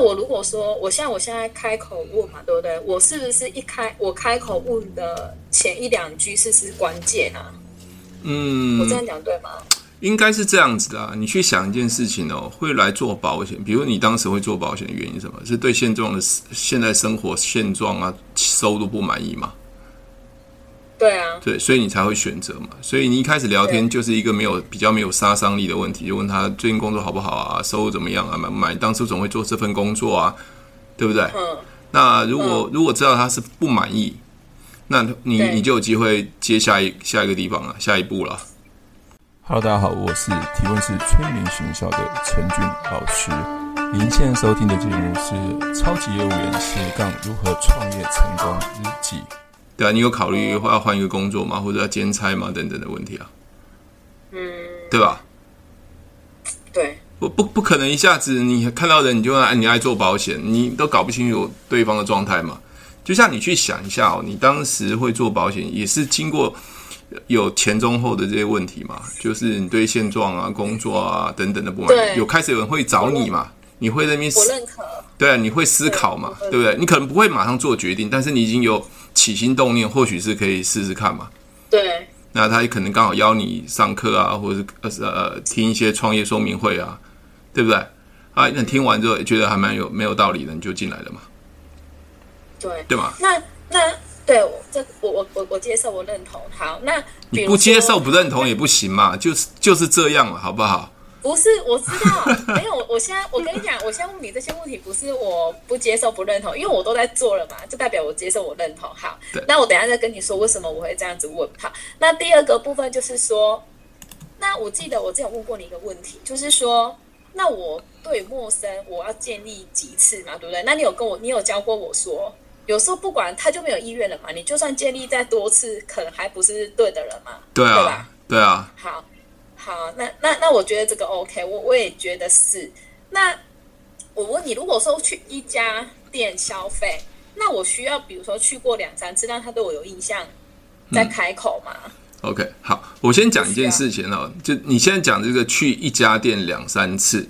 那我如果說我現在我現在開口問嘛，對不對？我是不是一開我開口問的前一兩句是是關鍵啊。嗯，我這樣講對嗎？應該是這樣子的啊。你去想一件事情哦，會來做保險，比如你當時會做保險的原因什麼？是對現狀的現在生活現狀啊，收入不滿意嗎？對啊，對，所以你才會選擇嘛。所以你一開始聊天就是一個沒有對比較沒有殺傷力的問題，就問他最近工作好不好啊，收入怎麼樣啊，滿不滿？當初總會做這份工作啊，對不對？嗯。那如果、嗯、如果知道他是不滿意，那你對你就有機會接下一下一個地方了，啊。下一步了。Hello，大家好，我是提問是催眠學校的陳俊老師。您現在收聽的節目是《超級業務員斜槓如何創業成功日記》。對啊，你有考慮要換一個工作嗎？或者要兼差嗎？等等的問題啊，嗯，對吧？對，我不不可能一下子你看到人你就問，你愛做保險？你都搞不清楚對方的狀態嘛。就像你去想一下哦，你當時會做保險也是經過有前中後的這些問題嘛。就是你對現狀啊、工作啊等等的不滿，對有開始有人會找你嘛？認你會認命？我認可。對啊，你會思考嘛？對，對不對？對你可能不會馬上做決定，但是你已經有。起心動念，或許是可以試試看嘛。對，那他也可能剛好邀你上課啊，或者是呃呃聽一些創業說明會啊，對不對？啊，那聽完之後也覺得還蠻有沒有道理的，你就進來了嘛。對，對嗎？那那對，我這個、我我我我接受，我認同。好，那你不接受不認同也不行嘛，就是就是這樣嘛，好不好？不是，我知道， 沒有。我現在，我跟你講，我現在問你這些問題，不是我不接受、不認同，因為我都在做了嘛，就代表我接受、我認同。好，對那我等下再跟你說為什麼我會這樣子問。好，那第二個部分就是說，那我記得我之前問過你一個問題，就是說，那我對陌生，我要建立幾次嘛，對不對？那你有跟我，你有教過我說，有時候不管他就沒有意願了嘛，你就算建立再多次，可能還不是對的人嘛？對啊，對，吧對啊。好。好、啊，那那那我覺得這個 OK，我我也覺得是。那我問你，如果說去一家店消費，那我需要比如說去過兩三次，讓他對我有印象，再開口嗎？嗯，OK，好，我先講一件事情哦，就你現在講這個去一家店兩三次。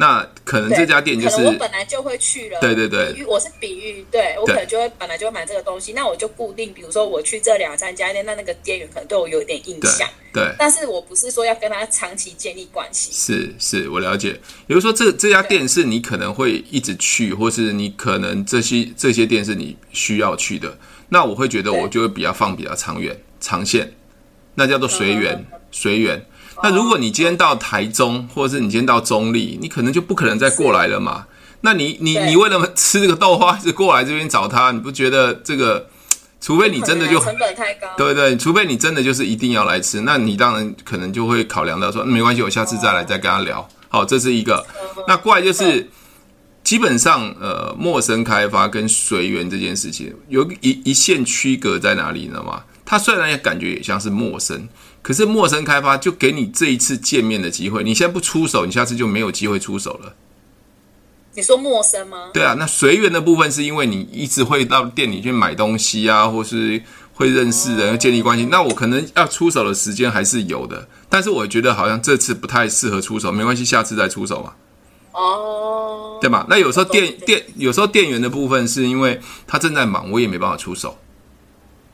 那可能這家店就是，我本來就會去了。對對對，比喻，我是比喻，對，對我可能就會本來就會買這個東西。對那我就固定，比如說我去這兩三家店，那那個店員可能對我有一點印象。對，對但是我不是說要跟他長期建立關係。是是，我了解。比如說這，這這家店是你可能會一直去，對或是你可能這些這些店是你需要去的。那我會覺得我就會比較放比較長遠對長線，那叫做隨緣隨緣。呃那如果你今天到台中，或者是你今天到中立，你可能就不可能再過來了嘛。是那你你對你為了吃這個豆花，就過來這邊找他？你不覺得這個，除非你真的就，就成本太高，對對，除非你真的就是一定要來吃，那你當然可能就會考量到說，沒關係，我下次再來再跟他聊。哦、好，這是一個。麼那過來就是對基本上呃，陌生開發跟隨緣這件事情有一一線區隔在哪裡，你知道嗎？他雖然也感覺也像是陌生，可是陌生開發就給你這一次見面的機會。你現在不出手，你下次就沒有機會出手了。你說陌生嗎？對啊，那隨緣的部分是因為你一直會到店裡去買東西啊，或是會認識人、哦、建立關係。那我可能要出手的時間還是有的，但是我覺得好像這次不太適合出手，沒關係，下次再出手嘛。哦，對吧？那有時候店店有時候店員的部分是因為他正在忙，我也沒辦法出手。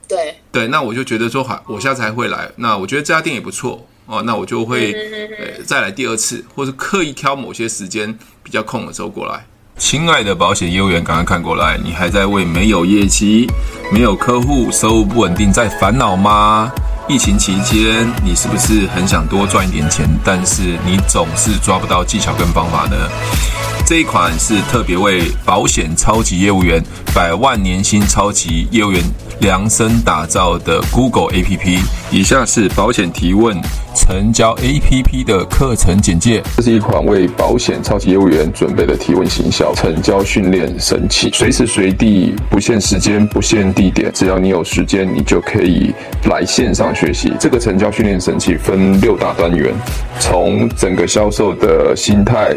對對，那我就覺得說好，我下次還會來。那我覺得這家店也不錯哦、啊，那我就會、呃、再來第二次，或是刻意挑某些時間比較空的時候過來。親愛的保險業務員，趕快看過來！你還在為沒有業績、沒有客戶、收入不穩定在煩惱嗎？疫情期間，你是不是很想多賺一點錢，但是你總是抓不到技巧跟方法呢？這一款是特別為保險超級業務員、百萬年薪超級業務員量身打造的 Google A P P。以下是保險提問成交 A P P 的課程簡介。這是一款為保險超級業務員準備的提問行銷成交訓練神器，隨時隨地，不限時間，不限地點，只要你有時間，你就可以來線上學習。這個成交訓練神器分六大單元，從整個銷售的心態，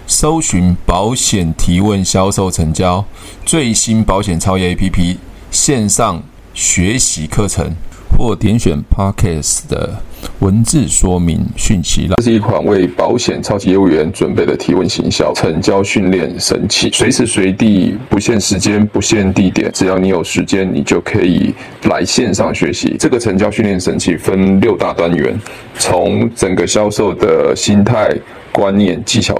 搜尋保險提問銷售成交，最新保險超業 APP 線上學習課程，或點選 Podcast 的文字說明訊息啦，這是一款為保險超級業務員準備的提問行銷成交訓練神器，隨時隨地，不限時間，不限地點，只要你有時間，你就可以來線上學習。這個成交訓練神器分六大單元，從整個銷售的心態、觀念、技巧。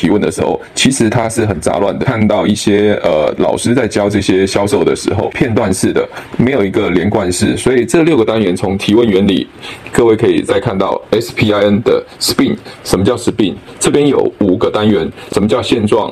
提問的時候，其實它是很雜亂的。看到一些呃，老師在教這些銷售的時候，片段式的，沒有一個連貫式。所以這六個單元，從提問原理，各位可以再看到 SPIN 的 SPIN，什麼叫 SPIN？這邊有五個單元，什麼叫現狀？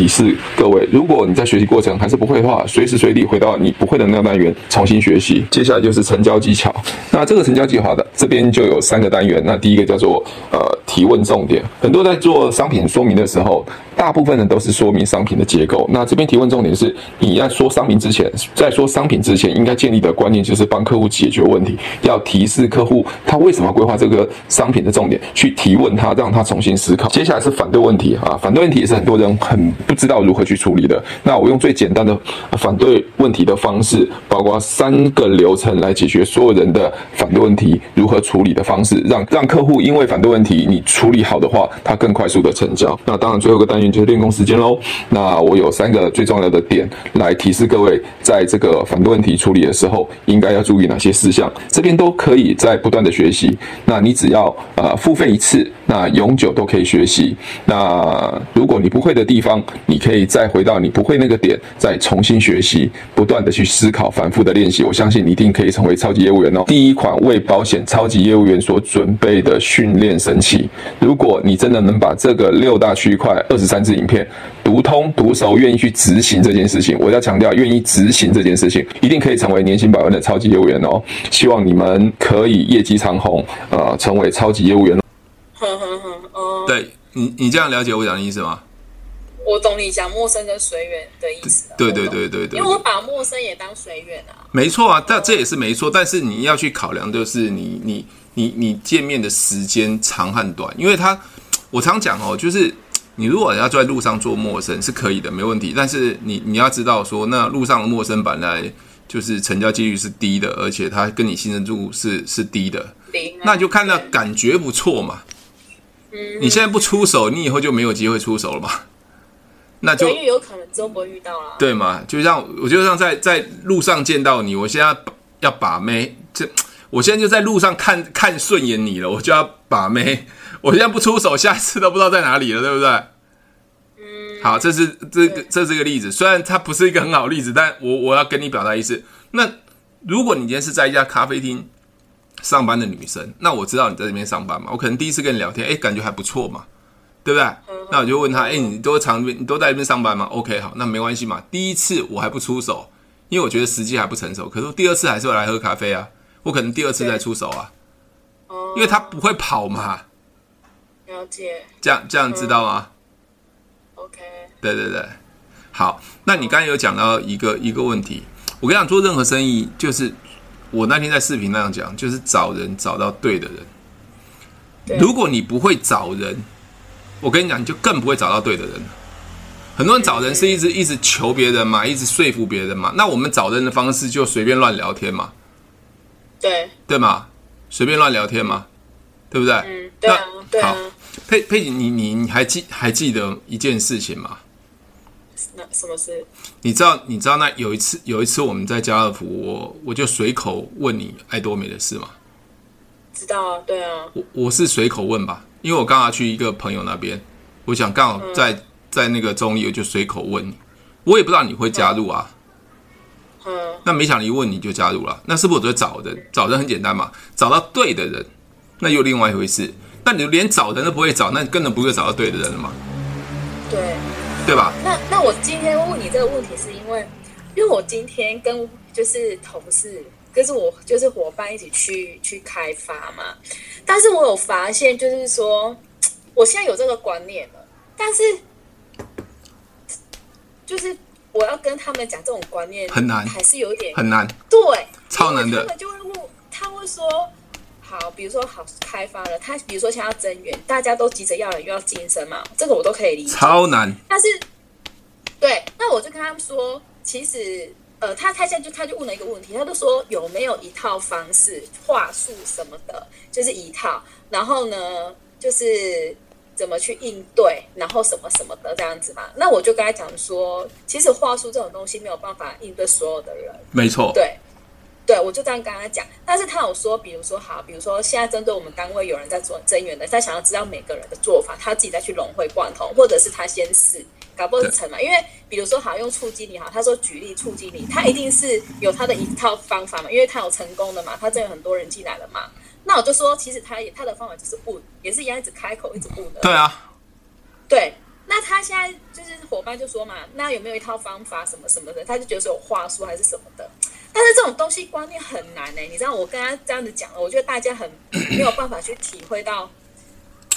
提示各位，如果你在學習過程還是不會的話，隨時隨地回到你不會的那個單元重新學習。接下來就是成交技巧。那這個成交計劃的這邊就有三個單元。那第一個叫做呃提問重點。很多在做商品說明的時候，大部分人都是說明商品的結構。那這邊提問重點是，你要說商品之前，在說商品之前，應該建立的觀念就是幫客戶解決問題，要提示客戶他為什麼規劃這個商品的重點，去提問他，讓他重新思考。接下來是反對問題啊，反對問題也是很多人很。不知道如何去處理的，那我用最簡單的反對問題的方式，包括三個流程來解決所有人的反對問題，如何處理的方式，讓讓客戶因為反對問題你處理好的話，他更快速的成交。那當然，最後一個單元就是練功時間嘍。那我有三個最重要的點來提示各位，在這個反對問題處理的時候，應該要注意哪些事項，這邊都可以在不斷的學習。那你只要呃付費一次。那永久都可以學習。那如果你不會的地方，你可以再回到你不會那個點，再重新學習，不斷的去思考，反覆的練習。我相信你一定可以成為超級業務員哦。第一款為保險超級業務員所準備的訓練神器。如果你真的能把這個六大區塊二十三支影片讀通讀熟，願意去執行這件事情，我要強調，願意執行這件事情，一定可以成為年薪百萬的超級業務員哦。希望你們可以業績長紅，呃，成為超級業務員。對你，你這樣了解我講的意思嗎？我懂你講陌生跟隨緣的意思。對對對對，對，對，對，因為我把陌生也當隨緣啊。沒錯啊，但這也是沒錯。但是你要去考量，就是你你你你見面的時間長和短，因為他我常講哦，就是你如果要在路上做陌生是可以的，沒問題。但是你你要知道說，那路上的陌生本來就是成交幾率是低的，而且他跟你信任度是是低的。那、啊、那就看那對感覺不錯嘛。你現在不出手，你以後就沒有機會出手了吧？那就有可能中國遇到了，對嘛？就像我就像在在路上見到你，我現在要把妹，這我現在就在路上看看順眼你了，我就要把妹。我現在不出手，下次都不知道在哪裡了，對不對？嗯。好，這是這個這是個例子，雖然它不是一個很好例子，但我我要跟你表達意思。那如果你今天是在一家咖啡廳。上班的女生，那我知道你在這邊上班嘛。我可能第一次跟你聊天，哎、欸，感覺還不錯嘛，對不對？嗯嗯、那我就問他，哎、嗯嗯欸，你都常？你都在這邊上班嗎？OK，好，那沒關係嘛。第一次我還不出手，因為我覺得時機還不成熟。可是我第二次還是要來喝咖啡啊，我可能第二次再出手啊，嗯、因為他不會跑嘛。了解。嗯、這樣這樣知道嗎、嗯、？OK。對對對，好。那你剛才有講到一個一個問題，我跟你講，做任何生意就是。我那天在視頻那樣講，就是找人找到對的人。對。如果你不會找人，我跟你講，你就更不會找到對的人。很多人找人是一直，對對對，一直求別人嘛，一直說服別人嘛。那我們找人的方式就隨便亂聊天嘛，對對嘛，隨便亂聊天嘛，對不對？嗯，對啊、對啊、好，對啊、佩佩你你你還記還記得一件事情嗎？那什麼事？你知道，你知道，那有一次，有一次我們在家樂福，我我就隨口問你愛多美的事嗎？知道啊，對啊。我我是隨口問吧，因為我剛好去一個朋友那邊，我想剛好在、嗯、在那個中藝，我就隨口問你，我也不知道你會加入啊。嗯。那沒想到一問你就加入了，那是不是我得找人？找人很簡單嘛，找到對的人，那又有另外一回事。那你就連找人都不會找，那你根本不會找到對的人了嘛？對。對吧？那那我今天問你這個問題，是因為，因為我今天跟就是同事，跟着我就是夥伴一起去去開發嘛。但是我有發現，就是說，我現在有這個觀念了，但是，就是我要跟他們講這種觀念很，很難，還是有點很難，對，超難的，他們就會問，他們會說。好，比如說好開發了，他比如說想要增員，大家都急着要人，又要晉升嘛，這個我都可以理解。超難。但是，對，那我就跟他們說，其實，呃，他他現在就他就問了一個問題，他就說有沒有一套方式話術什麼的，就是一套，然後呢，就是怎麼去應對，然後什麼什麼的這樣子嘛。那我就跟他講說，其實話術這種東西沒有辦法應對所有的人，沒錯，對。對，我就這樣跟他講，但是他有說，比如說哈，比如說現在針對我們單位有人在做增員的，他想要知道每個人的做法，他自己再去融會貫通，或者是他先試，搞不好是成嘛。對因為比如說好，用處經理哈，他說舉例處經理，他一定是有他的一套方法嘛，因為他有成功的嘛，他這樣很多人進來了嘛。那我就說，其實他也他的方法就是不也是一樣，一直開口一直不能對啊。對，那他現在就是伙伴就說嘛，那有沒有一套方法什麼什麼的？他就覺得是有話術還是什麼的。但是這種東西觀念很難呢、欸，你知道我跟他這樣子講了，我覺得大家很沒有辦法去體會到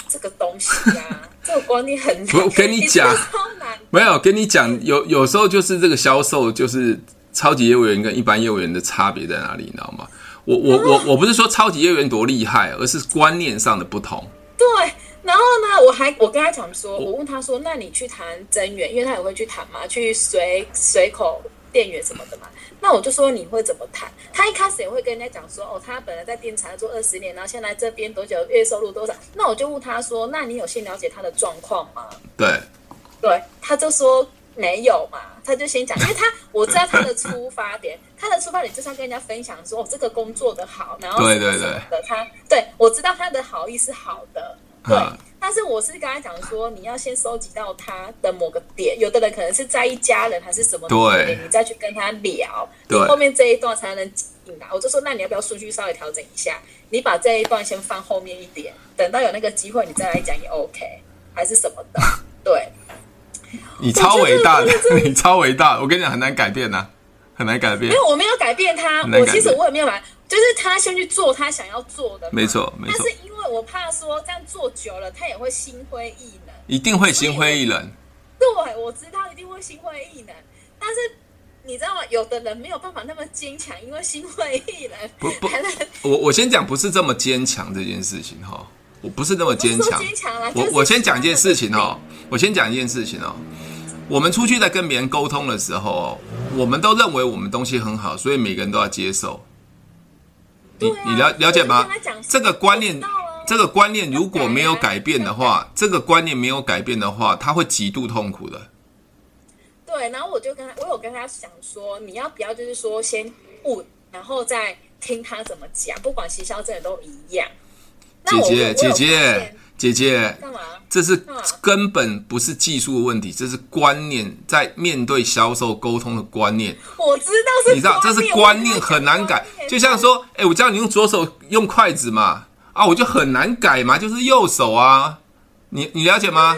這個東西啊，咳咳這個觀念很難、欸、我跟你講，你是是超難沒有跟你講，有有時候就是這個銷售就是超級業務員跟一般業務員的差別在哪裡，你知道嗎？我我、啊、我我不是說超級業務員多厲害，而是觀念上的不同。對，然後呢，我還我跟他講說，我問他說，我那你去談增員，因為他也會去談嘛，去隨隨口。店員什麼的嘛，那我就說你會怎麼談？他一開始也會跟人家講說，哦，他本來在電廠做二十年，然後現在這邊多久，月收入多少？那我就問他說，那你有先了解他的狀況嗎？對，對，他就說沒有嘛，他就先講，因為他我知道他的出發點， 他的出發點就是要跟人家分享說，哦，這個工作的好，然後什麼什麼的對對對，的他對我知道他的好意是好的，對。嗯但是我是跟他講說，你要先收集到他的某個點，有的人可能是在一家人還是什麼，對你再去跟他聊，對後面這一段才能引來、啊、我就說，那你要不要順序稍微調整一下？你把這一段先放後面一點，等到有那個機會你再來講也 OK，還是什麼的？ 對，你超偉大的，這個、你超偉大！我跟你講，很難改變吶、啊，很難改變。因為我沒有改變他，變我其實我也沒有來。就是他先去做他想要做的嘛，沒錯，沒錯。但是因為我怕說這樣做久了，他也會心灰意冷以，一定會心灰意冷。對，我知道一定會心灰意冷。但是你知道嗎？有的人沒有辦法那麼堅強，因為心灰意冷。不不能。我我先講不是這麼堅強這件事情哈，我不是那麼堅強。堅強我、啊、我，我先講一件事情哦，我先講一件事情哦。我們出去在跟別人溝通的時候，我們都認為我們東西很好，所以每個人都要接受。你你了了解嗎？這個觀念，這個觀念如果沒有改變的話，這個觀念沒有改變的話，他會極度痛苦的。對，然後我就跟他，我有跟他講說，你要不要就是說先問，然後再聽他怎麼講，不管學校真的都一樣。姐姐，姐姐，姐姐，幹嘛？這是根本不是技術的問題，這是觀念在面對銷售溝通的觀念。我知道你知道這是觀念很難改。就像說，哎、欸，我教你用左手用筷子嘛，啊，我就很難改嘛，就是右手啊，你你了解嗎？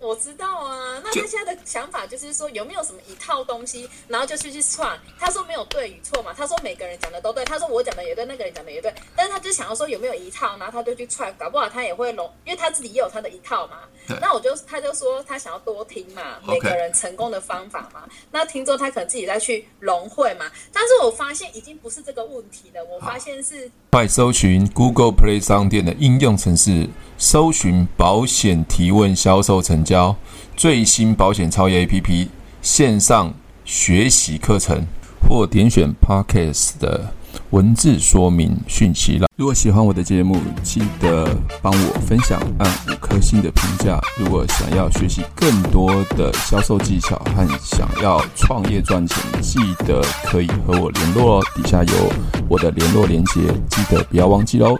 我知道啊，那他現在的想法就是說，有沒有什麼一套東西，就然後就去去串。他說沒有對與錯嘛，他說每個人講的都對，他說我講的也對，那個人講的也對，但是他就想要說有沒有一套，然後他就去串，搞不好他也會融，因為他自己也有他的一套嘛。對那我就他就說他想要多聽嘛，okay, 每個人成功的方法嘛，那聽之後他可能自己再去融會嘛。但是我發現已經不是這個問題了，我發現是快好搜尋 Google Play 商店的應用程式。搜尋保險提問銷售成交，最新保險超業 APP 線上學習課程，或點選 Podcast 的文字說明訊息啦。如果喜歡我的節目，記得幫我分享，按五顆星的評價。如果想要學習更多的銷售技巧，和想要創業賺錢，記得可以和我聯絡哦。底下有我的聯絡連結，記得不要忘記哦。